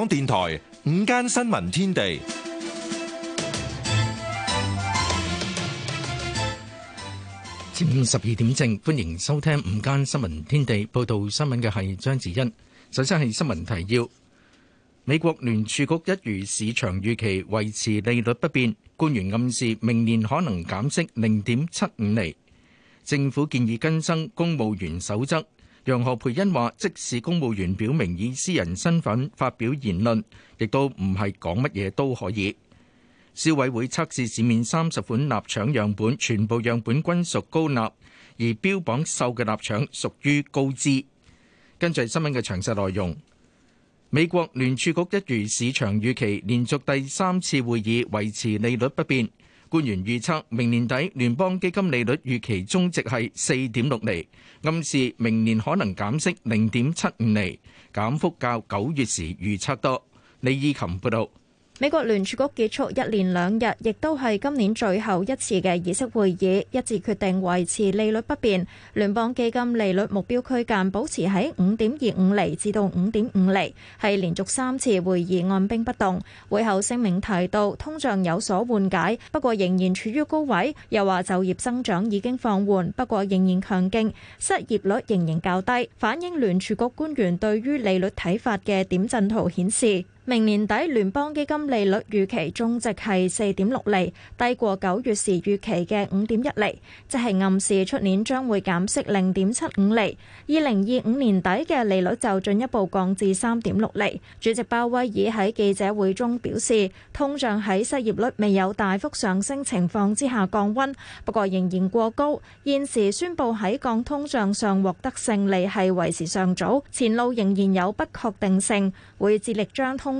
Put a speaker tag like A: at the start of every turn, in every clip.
A: 香港電台午間新聞天地，
B: 今十二點正歡迎收聽午間新聞天地。報道新聞嘅係張子欣。首先係新聞提要：美國聯儲局一如市場預期維持利率不變，官員暗示明年可能減息零點七五厘。政府建議更新公務員守則。楊何蓓茵話，即使公務員表明以私人身份發表言論，亦都唔係講乜嘢都可以。消委會測試市面三十款臘腸樣本，全部樣本均屬高鈉，而標榜瘦嘅臘腸屬於高脂。跟住係新聞嘅詳細內容。美國聯儲局一如市場預期，連續第三次會議維持利率不變。官員預測，明年底聯邦基金利率預期中值係四點六厘，暗示明年可能減息零點七五厘，減幅較九月時預測多。李意琴報道。
C: 美國聯儲局結束一連兩日，亦都係今年最後一次嘅議息會議，一致決定維持利率不變，聯邦基金利率目標區間保持喺五點二五厘至到五點五厘，係連續三次會議按兵不動。會後聲明提到通脹有所緩解，不過仍然處於高位，又話就業增長已經放緩，不過仍然強勁，失業率仍然較低。反映聯儲局官員對於利率睇法嘅點陣圖顯示。明年底聯邦基金利率預期中值係四點六厘，低過九月時預期嘅五點一厘，即係暗示出年將會減息零點七五厘，二零二五年底嘅利率就進一步降至三點六厘。主席鮑威爾喺記者會中表示，通脹喺失業率未有大幅上升情況之下降温，不過仍然過高。現時宣佈喺降通脹上獲得勝利係為時尚早，前路仍然有不確定性，會致力將通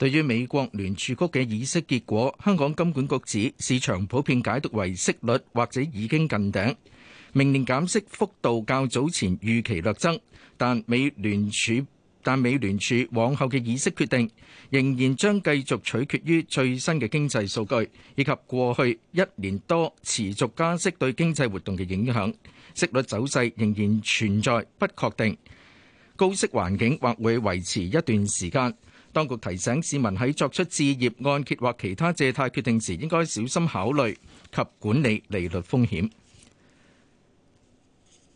B: 對於美國聯儲局嘅議息結果，香港金管局指市場普遍解讀為息率或者已經近頂，明年減息幅度較早前預期略增。但美聯儲，但美聯儲往後嘅議息決定仍然將繼續取決於最新嘅經濟數據以及過去一年多持續加息對經濟活動嘅影響。息率走勢仍然存在不確定，高息環境或會維持一段時間。當局提醒市民喺作出置業按揭或其他借貸決定時，應該小心考慮及管理利率風險。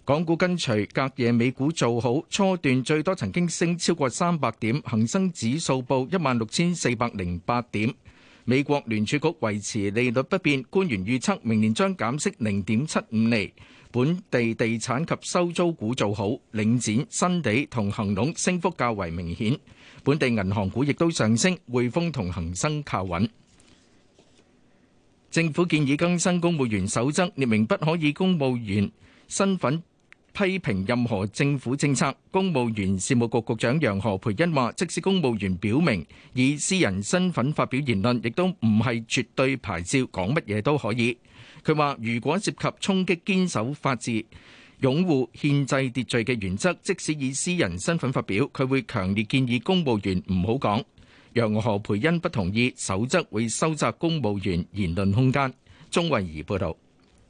B: 港股跟隨隔夜美股做好，初段最多曾經升超過三百點，恆生指數報一萬六千四百零八點。美國聯儲局維持利率不變，官員預測明年將減息零點七五釐。本地地產及收租股做好，領展、新地同恆隆升幅較為明顯。本地銀行股亦都上升，匯豐同恒生靠穩。政府建議更新公務員守則，列明不可以公務員身份批評任何政府政策。公務員事務局局長楊何蓓茵話：即使公務員表明以私人身份發表言論，亦都唔係絕對牌照講乜嘢都可以。佢話：如果涉及衝擊堅守法治。擁護憲制秩序嘅原則，即使以私人身份發表，佢會強烈建議公務員唔好講。楊何培恩不同意守則會收窄公務員言論空間。鍾慧儀報導，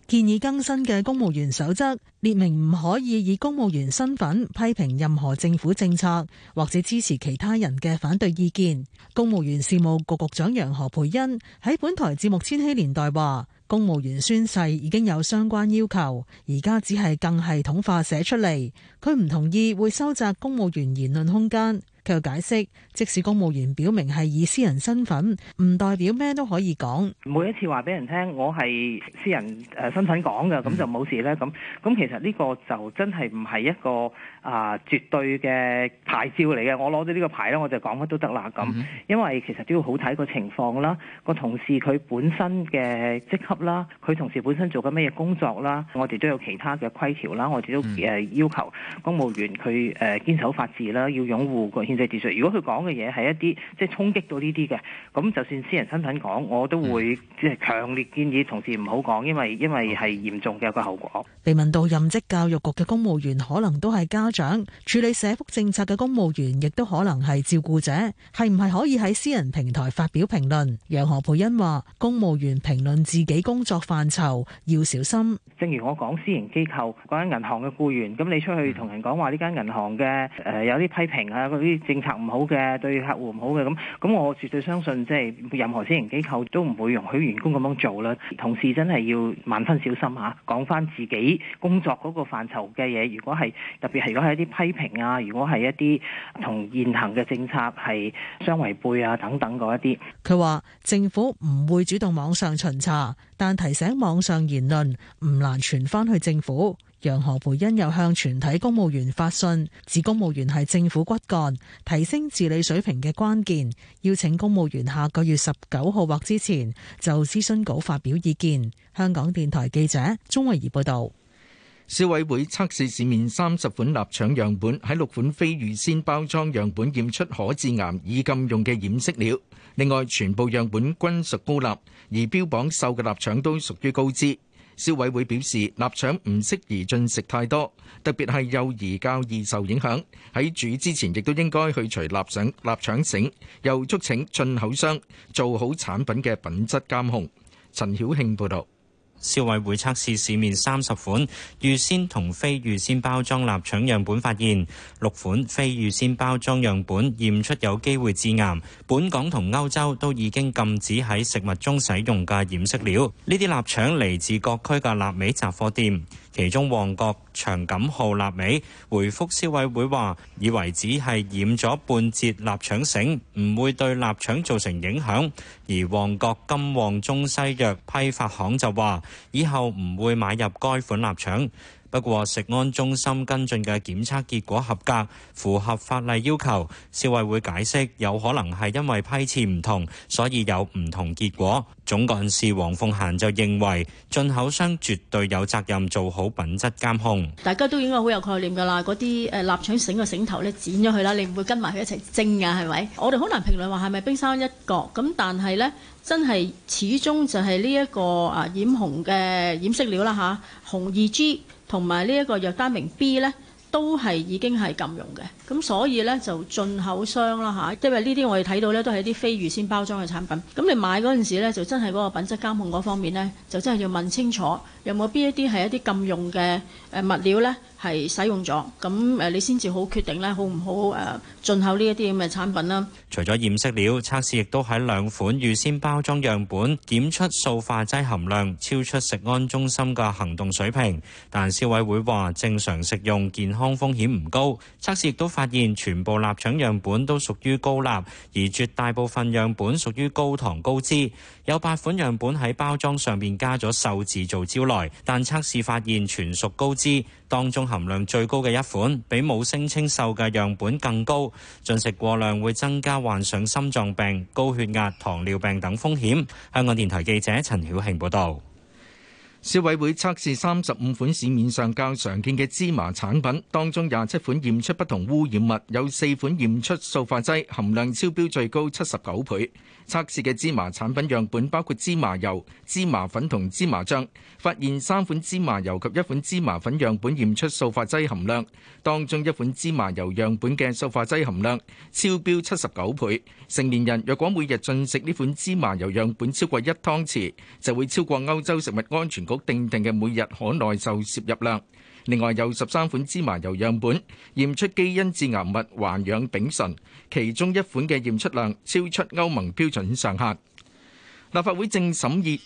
D: 建議更新嘅公務員守則列明唔可以以公務員身份批評任何政府政策，或者支持其他人嘅反對意見。公務員事務局局長楊何培恩喺本台節目《千禧年代》話。公務員宣誓已經有相關要求，而家只係更系統化寫出嚟。佢唔同意會收窄公務員言論空間。佢又解釋，即使公務員表明係以私人身份，唔代表咩都可以講。
E: 每一次話俾人聽，我係私人誒身份講嘅，咁就冇事啦。咁咁其實呢個就真係唔係一個。啊！絕對嘅牌照嚟嘅，我攞咗呢個牌啦，我就講乜都得啦咁。因為其實都要好睇個情況啦，個同事佢本身嘅職級啦，佢同事本身做緊咩嘢工作啦，我哋都有其他嘅規條啦，我哋都誒要求公務員佢誒堅守法治啦，要擁護個憲制秩序。如果佢講嘅嘢係一啲即係衝擊到呢啲嘅，咁就算私人身份講，我都會即係強烈建議同事唔好講，因為因為係嚴重嘅個後果。
D: 被問到任職教育局嘅公務員可能都係交。長處理社福政策嘅公務員亦都可能係照顧者，係唔係可以喺私人平台發表評論？楊何蓓茵話，公務員評論自己工作範
E: 疇要小心。正如我講，私營機構嗰間銀行嘅僱員，咁你出去同人講，話呢間銀行嘅誒有啲批評啊，嗰啲政策唔好嘅，對客戶唔好嘅，咁咁我絕對相信即係任何私營機構都唔會容許員工咁樣做啦。同事真係要萬分小心吓，講返自己工作嗰個範疇嘅嘢。如果係特別係講。係一啲批評啊！如果係一啲同現行嘅政策係相違背啊等等嗰一啲，佢話政府唔會主動網上巡查，但提醒網
D: 上言論唔難傳翻去政府。楊何蓓茵又向全體公務員發信，指公務員係政府骨幹，提升治理水平嘅關鍵，邀請公務員下個月十九號或之前就諮詢稿發表意見。香港電台記者鍾慧儀報道。
B: 消委會測試市面三十款臘腸樣本，喺六款非預先包裝樣本驗出可致癌、已禁用嘅染色料。另外，全部樣本均屬高鈉，而標榜瘦嘅臘腸都屬於高脂。消委會表示，臘腸唔適宜進食太多，特別係幼兒較易受影響。喺煮之前，亦都應該去除臘腸臘腸繩。又促請
F: 進口商做好產品嘅品質監控。陳曉慶報道。消委會測試市面三十款預先同非預先包裝臘腸樣本，發現六款非預先包裝樣本驗出有機會致癌，本港同歐洲都已經禁止喺食物中使用嘅染色料。呢啲臘腸嚟自各區嘅臘味雜貨店。其中，旺角長錦號臘味回覆消委會話，以為只係染咗半截臘腸繩，唔會對臘腸造成影響。而旺角金旺中西藥批發行就話，以後唔會買入該款臘腸。不過，食安中心跟進嘅檢測結果合格，符合法例要求。消委會解釋有可能係因為批次唔同，所以有唔同結果。總幹事黃鳳嫻就認為，進口商絕對有責任做好品質監控。
G: 大家都應該好有概念㗎啦，嗰啲誒臘腸繩嘅繩頭咧剪咗佢啦，你唔會跟埋佢一齊蒸㗎，係咪？我哋好難評論話係咪冰山一角咁，但係咧真係始終就係呢一個啊染紅嘅染色料啦嚇紅二 G。同埋呢一個藥單名 B 呢，都係已經係禁用嘅，咁所以呢，就進口商啦吓，因為呢啲我哋睇到呢，都係一啲非預先包裝嘅產品，咁你買嗰陣時呢，就真係嗰個品質監控嗰方面呢，就真係要問清楚有冇邊 D 一 D 係一啲禁用嘅誒物料呢？係使用咗，咁誒你先至好決定咧，好唔好誒進口呢一啲咁嘅產品啦？
F: 除咗染色料，測試亦都喺兩款預先包裝樣本檢出塑化劑含量超出食安中心嘅行動水平，但消委會話正常食用健康風險唔高。測試亦都發現全部臘腸樣本都屬於高鈉，而絕大部分樣本屬於高糖高脂。有八款樣本喺包裝上面加咗瘦字做招徠，但測試發現全屬高脂。當中含量最高嘅一款，比冇聲稱售嘅樣本更高。進食過量會增加患上心臟病、高血壓、糖尿病等風險。香港電台記者陳曉慶報導，消委會測試三十五款市面上較常見嘅芝麻產品，當中廿
B: 七款驗出不同污染物，有四款驗出塑化劑含量超標，最高七十九倍。測試嘅芝麻產品樣本包括芝麻油、芝麻粉同芝麻醬，發現三款芝麻油及一款芝麻粉樣本驗出塑化劑含量，當中一款芝麻油樣本嘅塑化劑含量超標七十九倍。成年人若果每日進食呢款芝麻油樣本超過一湯匙，就會超過歐洲食物安全局訂定嘅每日可耐受攝入量。另外有十三款芝麻油樣本驗出基因致癌物環氧丙醇，其中一款嘅驗出量超出歐盟標準上限。立法會正審議。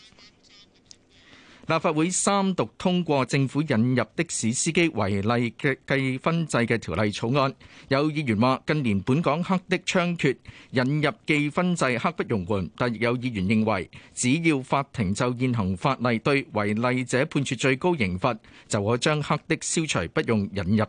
B: 立法會三讀通過政府引入的士司機違例嘅計分制嘅條例草案。有議員話：近年本港黑的猖獗，引入計分制刻不容緩。但亦有議員認為，只要法庭就現行法例對違例者判處最高刑罰，就可將黑的消除，不用引入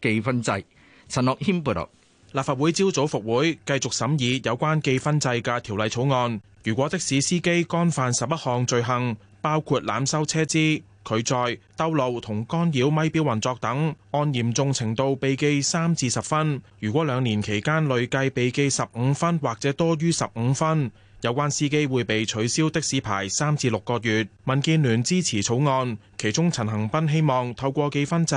B: 計
A: 分制。陳樂謙報導。立法會朝早復會，繼續審議有關計分制嘅條例草案。如果的士司機干犯十一項罪行，包括濫收車資、拒載、兜路同干擾咪錶運作等，按嚴重程度被記三至十分。如果兩年期間累計被記十五分或者多於十五分，有關司機會被取消的士牌三至六個月。民建聯支持草案，其中陳恒斌希望透過記分制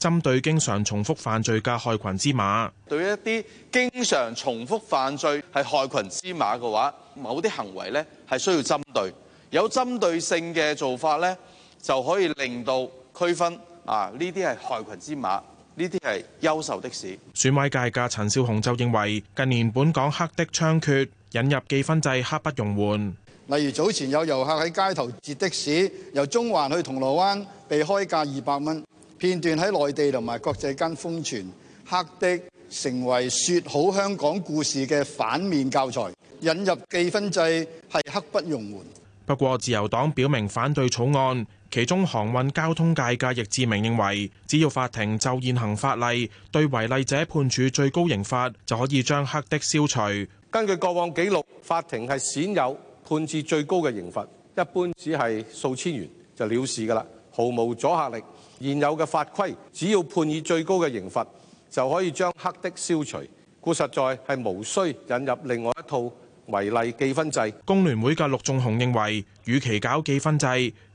A: 針對經常重複犯罪嘅害群之馬。
B: 對於一啲經常重複犯罪係害群之馬嘅話，某啲行為咧係需要針對。有針對性嘅做法呢，
A: 就可以令到區分啊！呢啲係害群之馬，呢啲係優秀的士。選委界嘅陳紹雄就認為，近年本港黑的猖獗，引入記分制刻不容緩。
B: 例如早前有遊客喺街頭截的士由中環去銅鑼灣，被開價二百蚊，片段喺內地同埋國際間瘋傳。黑的成為説好香港故事嘅反面教材。引入記分制係刻不容緩。
A: 不過自由黨表明反對草案，其中航運交通界嘅易志明認為，只要法庭就現行法例對違例者判處最高刑罰，就可以將黑的消除。
B: 根據過往記錄，法庭係鮮有判至最高嘅刑罰，一般只係數千元就了事㗎喇，毫無阻嚇力。現有嘅法規只要判以最高嘅刑罰就可以將黑的消除，故實在係無需引入另外一套。
A: 為例記分制，工聯會嘅陸仲雄認為，與其搞記分制，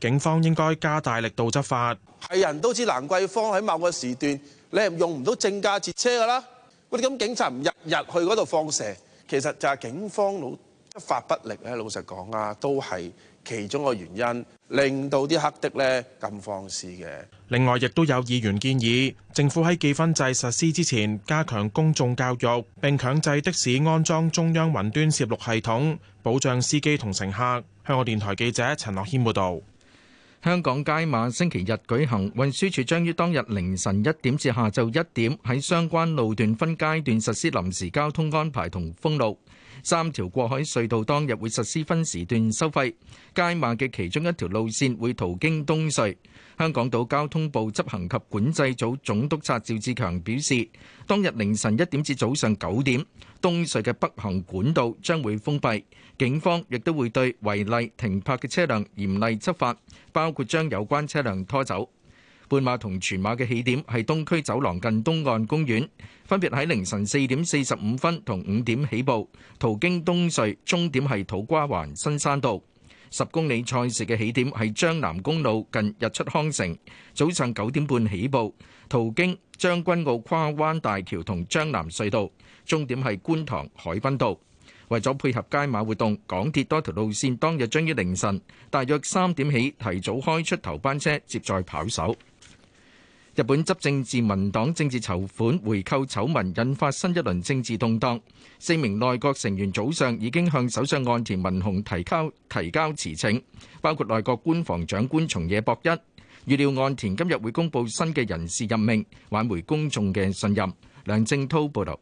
A: 警方應該加大力度執法。係人都知蘭桂坊喺某個時段，你係用唔到正價截車㗎啦。喂，咁警察唔日日去嗰度放蛇，其實就係警方老執法不力咧。老實講啊，都係。其中個原因令到啲黑的呢咁放肆嘅。另外，亦都有議員建議政府喺記分制實施之前加強公眾教育，並強制的士安裝中央雲端攝錄系統，保障司機同乘客。香港電台記者陳樂軒報道：
B: 「香港街馬星期日舉行，運輸署將於當日凌晨一點至下晝一點喺相關路段分階段實施臨時交通安排同封路。三條過海隧道當日會實施分時段收費，街馬嘅其中一條路線會途經東隧。香港島交通部執行及管制組總督察趙志強表示，當日凌晨一點至早上九點，東隧嘅北行管道將會封閉，警方亦都會對違例停泊嘅車輛嚴厲執法，包括將有關車輛拖走。半馬同全馬嘅起點係東區走廊近東岸公園，分別喺凌晨四點四十五分同五點起步，途經東隧，終點係土瓜灣新山道。十公里賽事嘅起點係將南公路近日出康城，早上九點半起步，途經將軍澳跨灣大橋同將南隧道，終點係觀塘海濱道。為咗配合街馬活動，港鐵多條路線當日將於凌晨大約三點起提早開出頭班車接載跑手。日本執政自民黨政治籌款回扣醜聞引發新一輪政治動盪，四名內閣成員早上已經向首相岸田文雄提交提交辭呈，包括內閣官房長官松野博一。預料岸田今日會公布新嘅人事任命，挽回公眾嘅信任。
H: 梁正濤報道，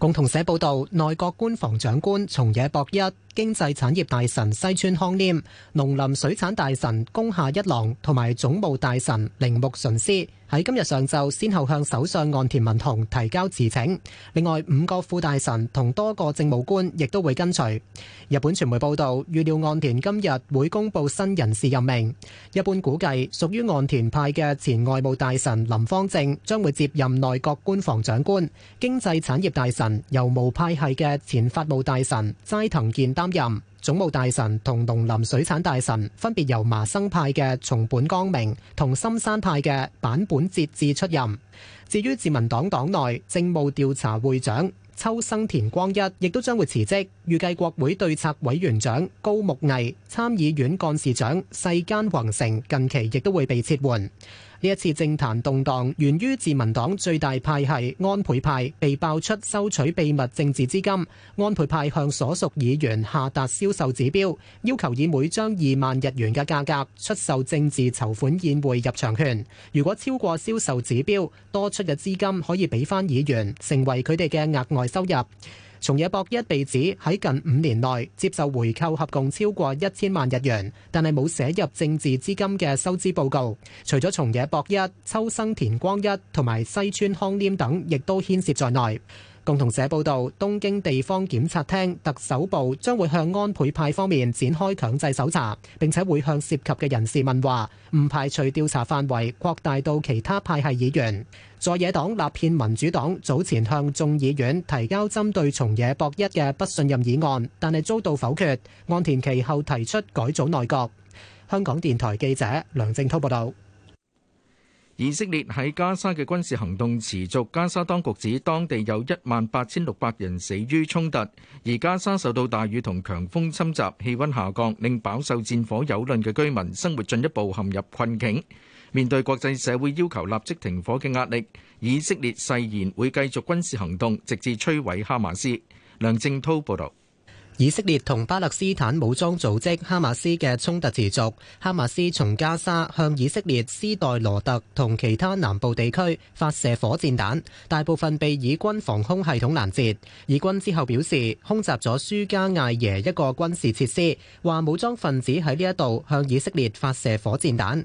H: 共同社報導，內閣官房長官松野博一。經濟產業大臣西村康稔、農林水產大臣宮下一郎同埋總務大臣鈴木淳司喺今日上晝，先後向首相岸田文雄提交辭呈。另外五個副大臣同多個政務官亦都會跟隨。日本傳媒報道，預料岸田今日會公布新人事任命，一般估計屬於岸田派嘅前外務大臣林芳正將會接任內閣官房長官，經濟產業大臣由無派系嘅前法務大臣齋藤健擔任總務大臣同農林水產大臣，分別由麻生派嘅松本光明同深山派嘅坂本節智出任。至於自民黨黨內政務調查會長秋生田光一亦都將會辭職，預計國會對策委員長高木毅、參議院幹事長世間宏成近期亦都會被撤換。呢一次政壇動盪源於自民黨最大派系安倍派被爆出收取秘密政治資金，安倍派向所屬議員下達銷售指標，要求以每張二萬日元嘅價格出售政治籌款宴會入場券，如果超過銷售指標，多出嘅資金可以俾翻議員，成為佢哋嘅額外收入。松野博一被指喺近五年內接受回扣合共超過一千萬日元，但係冇寫入政治資金嘅收支報告，除咗松野博一、秋生田光一同埋西村康稔等，亦都牽涉在內。共同社報導，東京地方檢察廳特首部將會向安倍派方面展開強制搜查，並且會向涉及嘅人士問話，唔排除調查範圍擴大到其他派系議員。在野黨立憲民主黨早前向眾議院提交針對松野博一嘅不信任議案，但係遭到否決。岸田其後提出改組內閣。香港電台記者梁正滔報導。
B: 以色列喺加沙嘅軍事行動持續，加沙當局指當地有一萬八千六百人死於衝突，而加沙受到大雨同強風侵襲，氣温下降，令飽受戰火蹂躪嘅居民生活進一步陷入困境。面對國際社會要求立即停火嘅壓力，以色列誓言
H: 會繼續軍事行動，直至摧毀哈馬斯。梁正滔報道。以色列同巴勒斯坦武裝組織哈馬斯嘅衝突持續，哈馬斯從加沙向以色列斯代羅特同其他南部地區發射火箭彈，大部分被以軍防空系統攔截。以軍之後表示，空襲咗舒加艾耶一個軍事設施，話武裝分子喺呢一度向以色列發射火箭彈。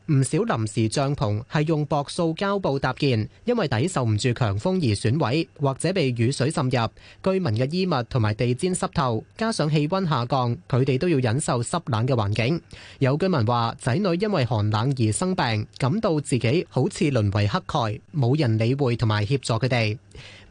H: 唔少臨時帳篷係用薄塑膠布搭建，因為抵受唔住強風而損毀，或者被雨水浸入，居民嘅衣物同埋地氈濕透。加上氣温下降，佢哋都要忍受濕冷嘅環境。有居民話：仔女因為寒冷而生病，感到自己好似淪為乞丐，冇人理會同埋協助佢哋。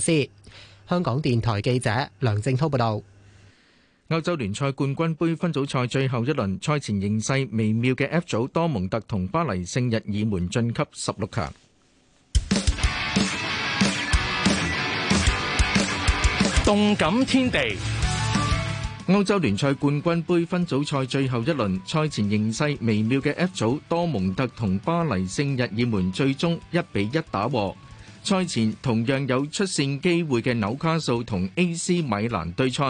H: 師香港電台記者梁正滔報道：
B: 歐洲聯賽冠軍盃分組賽最後一輪，賽前形勢微妙嘅 F 組，多蒙特同巴黎聖日耳門晉級十六強。動感天地：歐洲聯賽冠軍盃分組賽最後一輪，賽前形勢微妙嘅 F 組，多蒙特同巴黎聖日耳門最終一比一打和。賽前同樣有出線機會嘅紐卡素同 AC 米蘭對賽，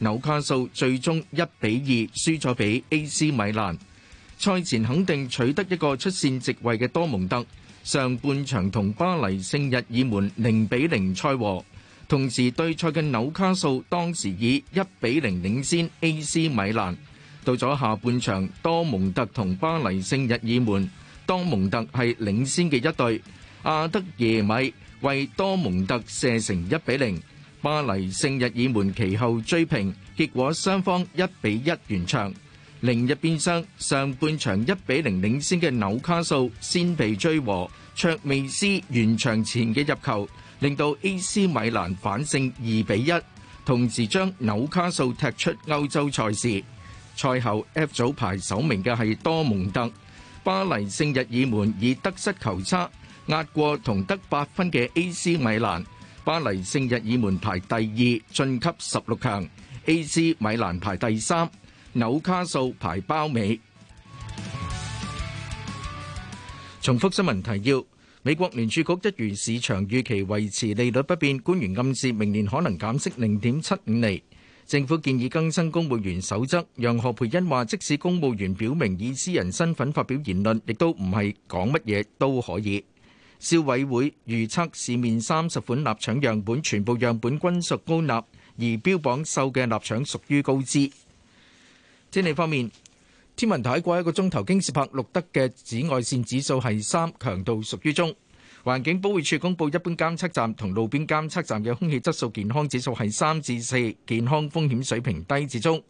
B: 紐卡素最終一比二輸咗俾 AC 米蘭。賽前肯定取得一個出線席位嘅多蒙特，上半場同巴黎聖日耳門零比零賽和，同時對賽嘅紐卡素當時以一比零領先 AC 米蘭。到咗下半場，多蒙特同巴黎聖日耳門，多蒙特係領先嘅一隊。阿德耶米為多蒙特射成一比零，巴黎聖日耳門，其後追平，結果雙方一比一完場。另一邊廂上半場一比零領先嘅紐卡素先被追和，卓美斯完場前嘅入球令到 A.C. 米蘭反勝二比一，同時將紐卡素踢出歐洲賽事。賽後 F 組排首名嘅係多蒙特，巴黎聖日耳門以得失球差。壓過同得八分嘅 A.C. 米蘭，巴黎聖日耳門排第二，晉級十六強。A.C. 米蘭排第三，紐卡素排包尾。重複新聞提要：美國聯儲局一如市場預期維持利率不變，官員暗示明年可能減息零點七五厘。政府建議更新公務員守則，楊何蓓茵話，即使公務員表明以私人身份發表言論，亦都唔係講乜嘢都可以。消委會預測市面三十款臘腸樣本，全部樣本均屬高鈉，而標榜瘦嘅臘腸屬於高脂。天氣方面，天文台喺過一個鐘頭京士柏錄得嘅紫外線指數係三，強度屬於中。環境保護署公布一般監測站同路邊監測站嘅空氣質素健康指數係三至四，健康風險水平低至中。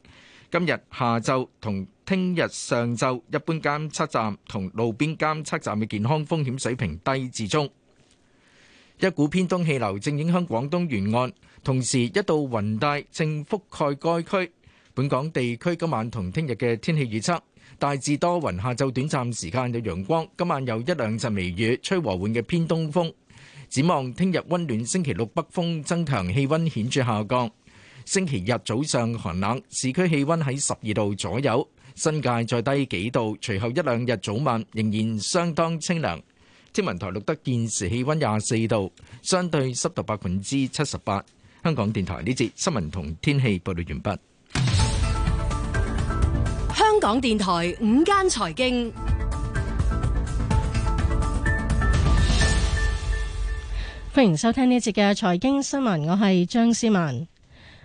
B: 今日下晝同聽日上晝，一般監測站同路邊監測站嘅健康風險水平低至中。一股偏東氣流正影響廣東沿岸，同時一度雲帶正覆蓋該區。本港地區今晚同聽日嘅天氣預測，大致多雲，下晝短暫時間有陽光，今晚有一兩陣微雨，吹和緩嘅偏東風。展望聽日温暖，星期六北風增強，氣温顯著下降。星期日早上寒冷，市區氣溫喺十二度左右，新界再低幾度。隨後一兩日早晚仍然相當清涼。天文台錄得現時氣溫廿四度，相對濕度百分之七十八。香港電台呢節新聞同天氣報道，完畢。
G: 香港電台午間財經，歡迎收聽呢節嘅財經新聞，我係張思文。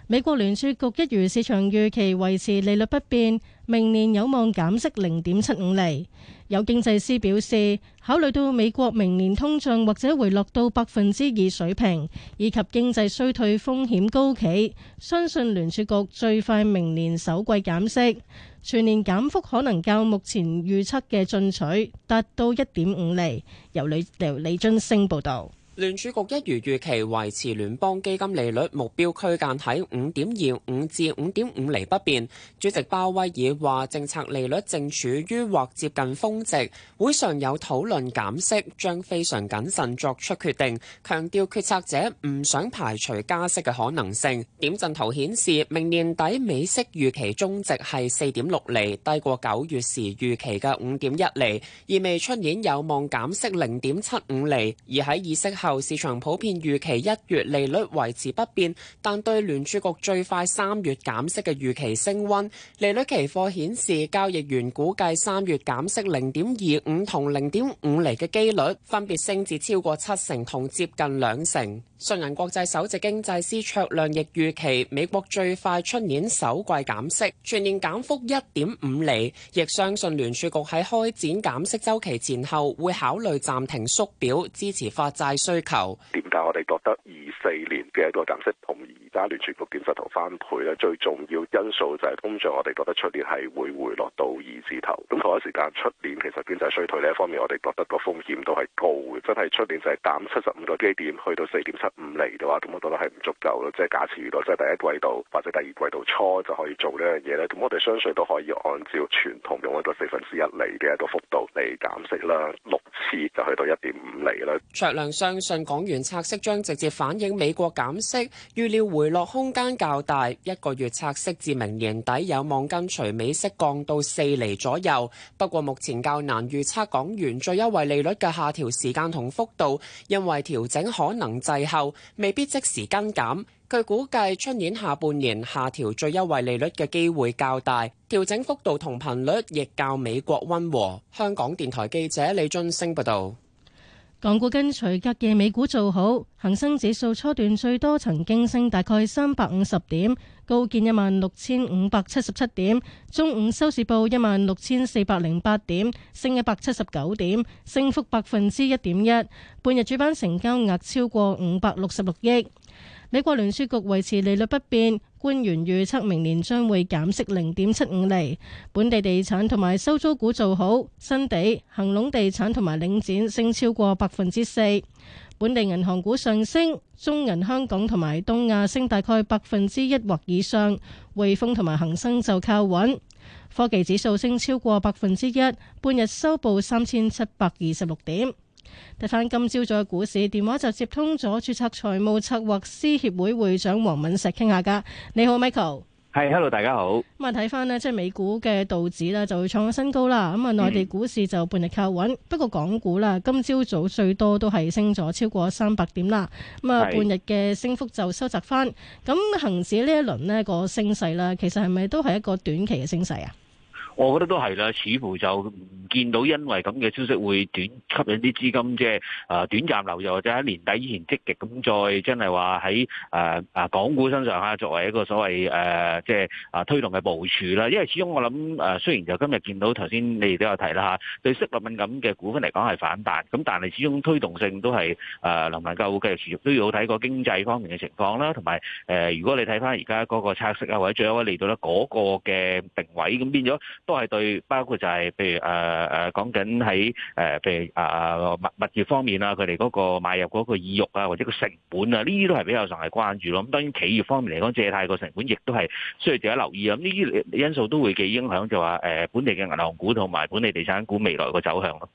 G: 美國聯儲局一如市場預期維持利率不變，明年有望減息零點七五厘。有經濟師表示，考慮到美國明年通脹或者回落到百分之二水平，以及經濟衰退風險高企，相信聯儲局最快明年首季減息，全年減幅可能較目前預測嘅進取達到一點五厘。由李由李俊升報道。
I: 聯儲局一如預期維持聯邦基金利率目標區間喺五點二五至五點五厘不變。主席鮑威爾話：政策利率正處於或接近峰值，會上有討論減息，將非常謹慎作出決定。強調決策者唔想排除加息嘅可能性。點陣圖顯示，明年底美息預期中值係四點六厘，低過九月時預期嘅五點一厘，意味出年有望減息零點七五厘。而喺意識。後市場普遍預期一月利率維持不變，但對聯儲局最快三月減息嘅預期升温。利率期貨顯示，交易員估計三月減息零點二五同零點五厘嘅機率，分別升至超過七成同接近兩成。信銀國際首席經濟師卓亮亦預期美國最快出年首季減息，全年減幅一點五厘。亦相信聯儲局喺開展減息週期前後會考慮暫停縮表，支持發債需求。
J: 點解我哋覺得二四年嘅一個減息同而家聯儲局點陣圖翻倍呢？最重要因素就係通脹，我哋覺得出年係會回落到二字頭。咁同一時間出年其實經濟衰退呢一方面，我哋覺得個風險都係高嘅，真係出年就係減七十五個基點，去到四點七。唔嚟嘅話，咁我覺得係唔足夠咯。即係假設如果即係第一季度或者第二季度初就可以做呢樣嘢咧，咁我哋相信都可以按照傳統用一個四分之一釐嘅一個幅度嚟減息啦，六次就去到一點五厘啦。
I: 卓亮相信港元拆息將直接反映美國減息，預料回落空間較大，一個月拆息至明年底有望跟隨美息降到四厘左右。不過目前較難預測港元最優惠利率嘅下調時間同幅度，因為調整可能滯後。未必即時跟減，據估計出年下半年下調最優惠利率嘅機會較大，調整幅度同頻率亦較美國溫和。香港電台記者李俊升報道。
G: 港股跟隨隔夜美股做好，恒生指數初段最多曾經升大概三百五十點，高見一萬六千五百七十七點，中午收市報一萬六千四百零八點，升一百七十九點，升幅百分之一點一。半日主板成交額超過五百六十六億。美國聯儲局維持利率不變。官員預測明年將會減息零點七五厘。本地地產同埋收租股做好，新地、恒隆地產同埋領展升超過百分之四。本地銀行股上升，中銀香港同埋東亞升大概百分之一或以上，匯豐同埋恒生就靠穩，科技指數升超過百分之一，半日收報三千七百二十六點。睇翻今朝早嘅股市，電話就接通咗注冊財務策劃師協會會長黃敏石傾下噶。你好，Michael。
J: 係、hey，hello，大家好。咁
G: 啊，睇翻呢，即係美股嘅道指呢就會創新高啦。咁啊，內地股市就半日靠穩，嗯、不過港股啦，今朝早最多都係升咗超過三百點啦。咁啊，半日嘅升幅就收窄翻。咁是恒指呢一輪呢個升勢咧，其實係咪都係一個短期嘅升勢啊？
J: 我覺得都係啦，似乎就唔見到因為咁嘅消息會短吸引啲資金，即係啊短暫流入或者喺年底以前積極咁再真係話喺誒誒港股身上啊，作為一個所謂誒即係啊推動嘅部署啦。因為始終我諗誒，雖然就今日見到頭先你哋都有提啦嚇，對息率敏感嘅股份嚟講係反彈，咁但係始終推動性都係誒能唔能夠繼續持續都要睇個經濟方面嘅情況啦，同埋誒如果你睇翻而家嗰個拆息啊，或者最後一個嚟到咧嗰個嘅、那個、定位咁變咗。都係對，包括就係、是、譬如誒誒、呃啊、講緊喺誒譬如啊物物業方面啊，佢哋嗰個買入嗰個意欲啊，或者個成本啊，呢啲都係比較上係關注咯。咁當然企業方面嚟講，借貸個成本亦都係需要大家留意啊。呢、嗯、啲因素都會幾影響，就話誒本地嘅銀行股同埋本地地產股未來個走向咯、啊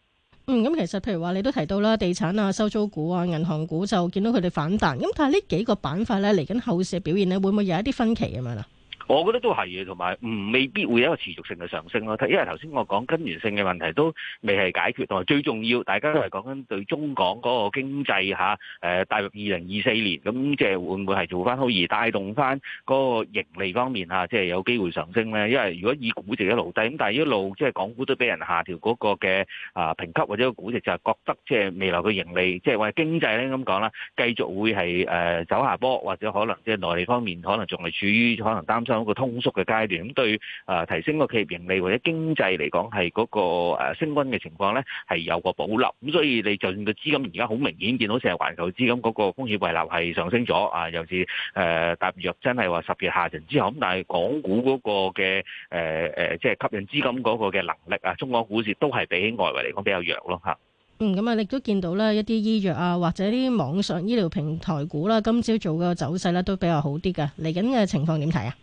J: 嗯。
G: 嗯，咁其實譬如話你都提到啦，地產啊、收租股啊、銀行股就見到佢哋反彈，咁但係呢幾個板塊咧嚟緊後市表現咧，會唔會有一啲分歧咁樣啦？
J: 我覺得都係嘅，同埋唔未必會有一個持續性嘅上升咯。因為頭先我講根源性嘅問題都未係解決，同埋最重要，大家都係講緊對中港嗰個經濟嚇，大約二零二四年，咁即係會唔會係做翻好易，帶動翻嗰個盈利方面嚇，即係有機會上升咧。因為如果以估值一路低，咁但係一路即係港股都俾人下調嗰個嘅啊評級或者個估值，就係覺得即係未來嘅盈利，即係或經濟咧咁講啦，繼續會係誒走下坡，或者可能即係內地方面可能仲係處於可能擔心。嗰個通縮嘅階段，咁對啊提升個企業盈利或者經濟嚟講，係嗰個升溫嘅情況咧，係有個保留。咁。所以你就算個資金而家好明顯見到，成日環球資金嗰個風險胃納係上升咗啊。尤其是誒踏入真係話十月下旬之後咁，但係港股嗰個嘅誒誒，即係吸引資金嗰個嘅能力啊，中港股市都係比起外圍嚟講比較弱咯。嚇、啊，嗯，
G: 咁啊，你都見到咧一啲醫藥啊，或者啲網上醫療平台股啦、啊，今朝做嘅走勢咧都比較好啲㗎。嚟緊嘅情況點睇啊？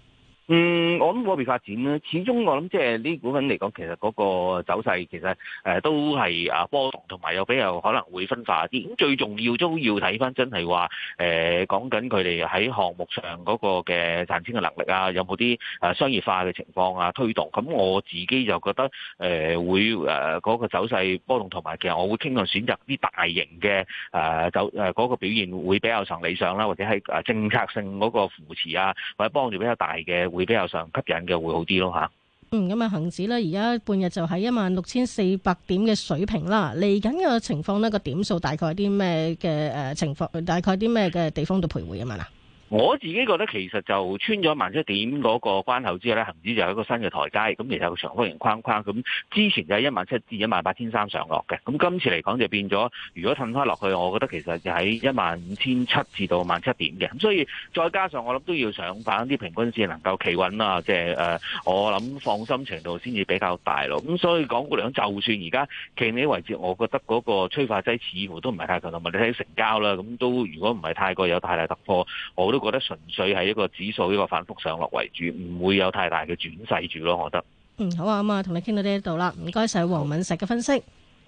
J: 嗯，我諗嗰邊發展咧、啊，始終我諗即係呢啲股份嚟講，其實嗰個走勢其實誒都係啊波動，同埋有比較可能會分化啲。咁最重要都要睇翻，真係話誒講緊佢哋喺項目上嗰個嘅賺錢嘅能力啊，有冇啲誒商業化嘅情況啊推動。咁我自己就覺得誒、欸、會誒嗰、呃那個走勢波動，同埋其實我會傾向選擇啲大型嘅誒走誒嗰個表現會比較上理想啦、啊，或者喺誒政策性嗰個扶持啊，或者幫助比較大嘅。會比較上吸引嘅會好啲咯吓。
G: 嗯，咁啊，恒指咧而家半日就喺一萬六千四百點嘅水平啦。嚟緊嘅情況呢，個點數大概啲咩嘅誒情況？大概啲咩嘅地方度徘徊啊嘛啦？
J: 我自己覺得其實就穿咗萬七點嗰個關口之後咧，恒指就有一個新嘅台階。咁其實個長方形框框咁，之前就係一萬七至一萬八千三上落嘅，咁今次嚟講就變咗，如果褪翻落去，我覺得其實就喺一萬五千七至到萬七點嘅，咁所以再加上我諗都要上返啲平均線能夠企穩啦，即係誒，我諗放心程度先至比較大咯。咁所以港股嚟講，就算而家企喺呢個位置，我覺得嗰個催化劑似乎都唔係太強，同埋你睇成交啦，咁都如果唔係太過有太大突破，我都。我覺得純粹係一個指數一個反覆上落為主，唔會有太大嘅轉勢住咯。我覺得，
G: 嗯好啊，咁、嗯、啊，同你傾到呢一度啦，唔該晒黃敏石嘅分析。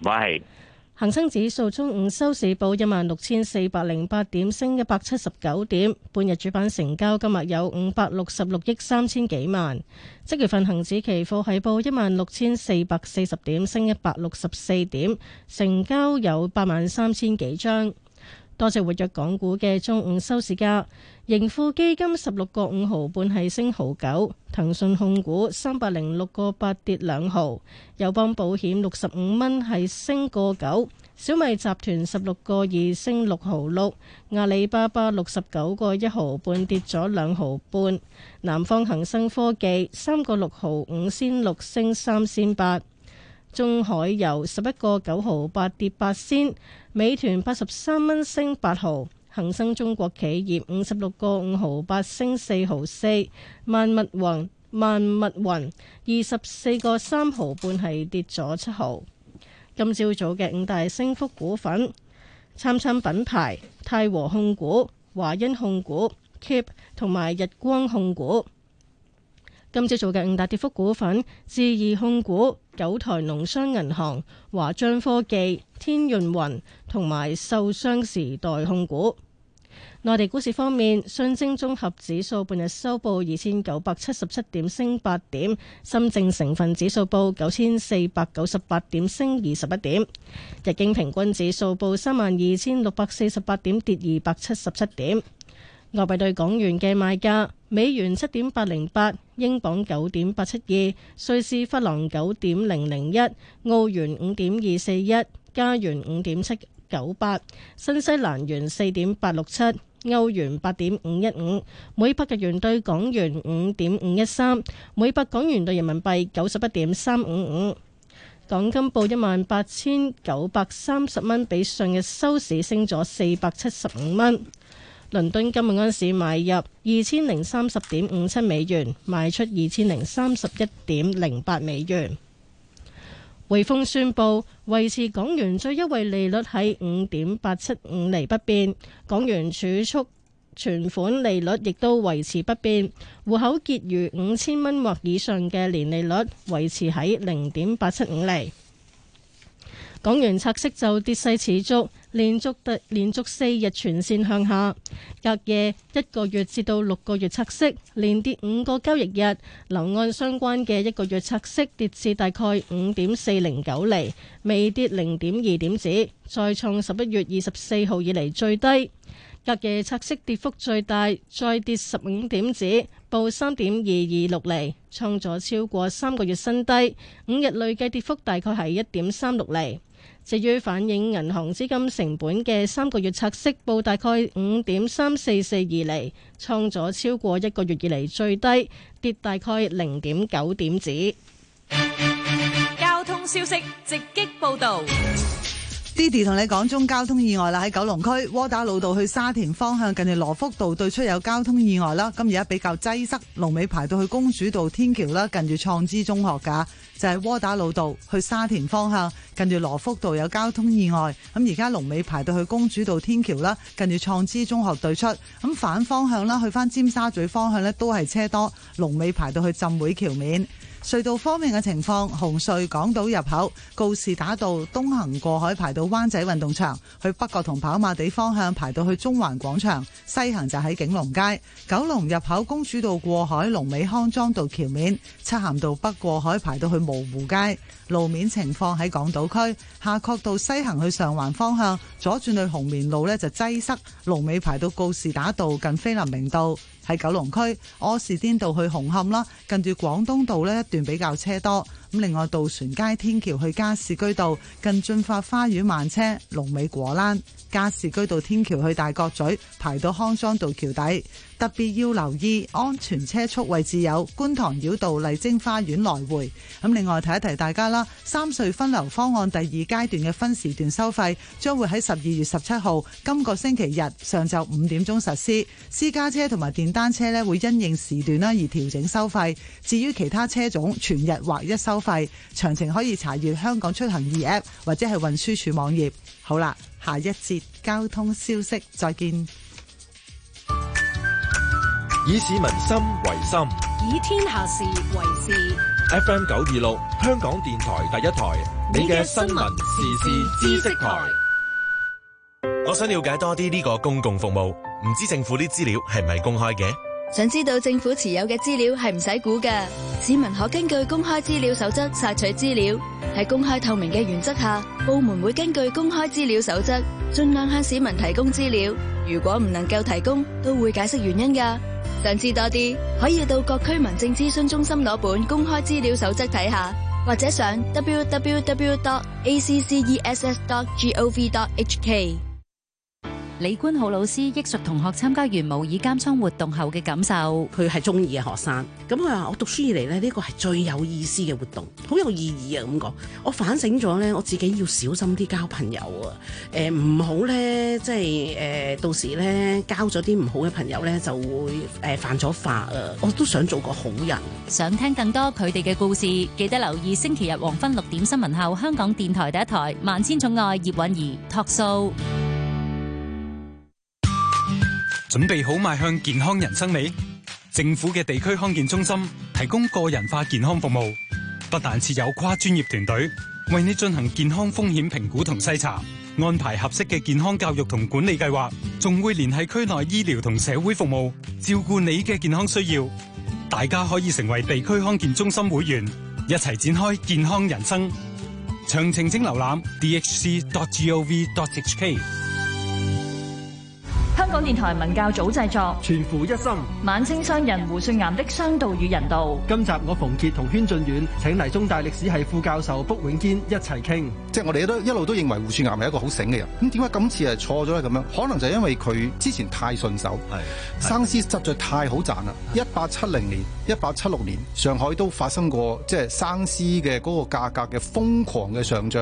G: 喂好，恒生指數中午收市報一萬六千四百零八點，升一百七十九點，半日主板成交今日有五百六十六億三千幾萬，即月份恒指期貨係報一萬六千四百四十點，升一百六十四點，成交有八萬三千幾張。多隻活躍港股嘅中午收市價，盈富基金十六個五毫半係升毫九，騰訊控股三百零六個八跌兩毫，友邦保險六十五蚊係升個九，小米集團十六個二升六毫六，阿里巴巴六十九個一毫半跌咗兩毫半，南方恒生科技三個六毫五先六升三先八。中海油十一個九毫八跌八仙，美團八十三蚊升八毫，恒生中國企業五十六個五毫八升四毫四，萬物雲萬物雲二十四個三毫半係跌咗七毫。今朝早嘅五大升幅股份，參參品牌泰和控股、華欣控股、Keep 同埋日光控股。今朝早嘅五大跌幅股份，智易控股。九台農商銀行、華章科技、天潤雲同埋壽商時代控股。內地股市方面，上證綜合指數半日收報二千九百七十七點，升八點；深證成分指數報九千四百九十八點，升二十一點；日經平均指數報三萬二千六百四十八點，跌二百七十七點。外幣兌港元嘅賣價：美元七點八零八，英鎊九點八七二，瑞士法郎九點零零一，澳元五點二四一，加元五點七九八，新西蘭元四點八六七，歐元八點五一五，每百日元兌港元五點五一三，每百港元兌人民幣九十一點三五五。港金報一萬八千九百三十蚊，比上日收市升咗四百七十五蚊。倫敦金每安士買入二千零三十點五七美元，賣出二千零三十一點零八美元。匯豐宣布維持港元最優惠利率喺五點八七五厘不變，港元儲蓄存款利率亦都維持不變，戶口結餘五千蚊或以上嘅年利率維持喺零點八七五厘。港元拆息就跌勢持續，連續連續四日全線向下。隔夜一個月至到六個月拆息連跌五個交易日，樓按相關嘅一個月拆息跌至大概五點四零九厘，未跌零點二點子。再創十一月二十四號以嚟最低。隔夜拆息跌幅最大，再跌十五點子。報三點二二六厘，創咗超過三個月新低，五日累計跌幅大概係一點三六厘。至於反映銀行資金成本嘅三個月拆息報，大概五點三四四二釐，創咗超過一個月以嚟最低，跌大概零點九點子。交通消息直擊報導。
K: Didi 同你講中交通意外啦，喺九龍區窩打老道去沙田方向，近住羅福道對出有交通意外啦。咁而家比較擠塞，龍尾排到去公主道天橋啦，近住創知中學噶，就喺，是，窩打老道去沙田方向，近住羅福道有交通意外。咁而家龍尾排到去公主道天橋啦，近住創知中學對出。咁反方向啦，去返尖沙咀方向呢，都係車多，龍尾排到去浸會橋面。隧道方面嘅情況，紅隧港島入口告士打道東行過海排到灣仔運動場，去北角同跑馬地方向排到去中環廣場；西行就喺景隆街、九龍入口公主道過海、龍尾康莊道橋面、漆咸道北過海排到去蕪湖街。路面情況喺港島區，下角道西行去上環方向，左轉去紅棉路呢就擠塞，龍尾排到告士打道近菲林明道。喺九龍區，柯士甸道去紅磡啦，近住廣東道呢一段比較車多。咁另外渡船街天橋去加士居道近駿發花園，慢車龍尾果欄，加士居道天橋去大角咀排到康莊道橋底。特別要留意安全車速位置，有觀塘繞道麗晶花園來回。咁另外提一提大家啦，三隧分流方案第二階段嘅分時段收費將會喺十二月十七號今個星期日上晝五點鐘實施，私家車同埋電單車咧會因應時段啦而調整收費。至於其他車種，全日劃一收費詳情可以查閱香港出行二 App 或者係運輸署網頁。好啦，下一節交通消息，再見。
A: 以市民心為心，
G: 以天下事為事。
A: FM 九二六，香港電台第一台，你嘅新聞時事知識台。我想了解多啲呢個公共服務，唔知政府啲資料係咪公開嘅？
C: 想知道政府持有嘅資料係唔使估㗎，市民可根據公開資料守則索取資料。喺公開透明嘅原則下，部門會根據公開資料守則盡量向市民提供資料。如果唔能夠提供，都會解釋原因噶。想知多啲，可以到各區民政諮詢中心攞本公開資料守則睇下，或者上 www.access.gov.hk。
D: 李冠浩老師憶述同學參加完模擬監倉活動後嘅感受，佢係中意嘅學生。咁佢話：我讀書以嚟，呢，呢個係最有意思嘅活動，好有意義啊！咁講，我反省咗，呢，我自己要小心啲交朋友啊。誒，唔好呢，即係誒，到時呢，交咗啲唔好嘅朋友呢，就會誒犯咗法啊！我都想做個好
K: 人。想聽更多佢哋嘅故事，記得留意星期日黃昏六點新聞後，香港電台第一台《萬千寵愛》葉韻儀》托數。
F: 準備好邁向健康人生未？政府嘅地區康健中心提供個人化健康服務，不但設有跨專業團隊為你進行健康風險評估同篩查，安排合適嘅健康教育同管理計劃，仲會聯繫區內醫療同社會服務照顧你嘅健康需要。大家可以成為地區康健中心會員，一齊展開健康人生。詳情請瀏覽 dhc.gov.hk。
C: 香港電台文教組製作。全乎一心。晚清商人胡雪岩的商道與
B: 人道。今集我馮杰同軒俊遠，請嚟中大歷史系副教授卜永堅一齊傾。即係我哋都一路都認為胡雪岩係一個好醒嘅人。咁點解今次係錯咗咧？咁樣可能就係因為佢之前太順手，係生絲實在太好賺啦。一八七零年、一八七六年，上海都發生過即係生絲嘅個價格嘅瘋狂嘅上漲。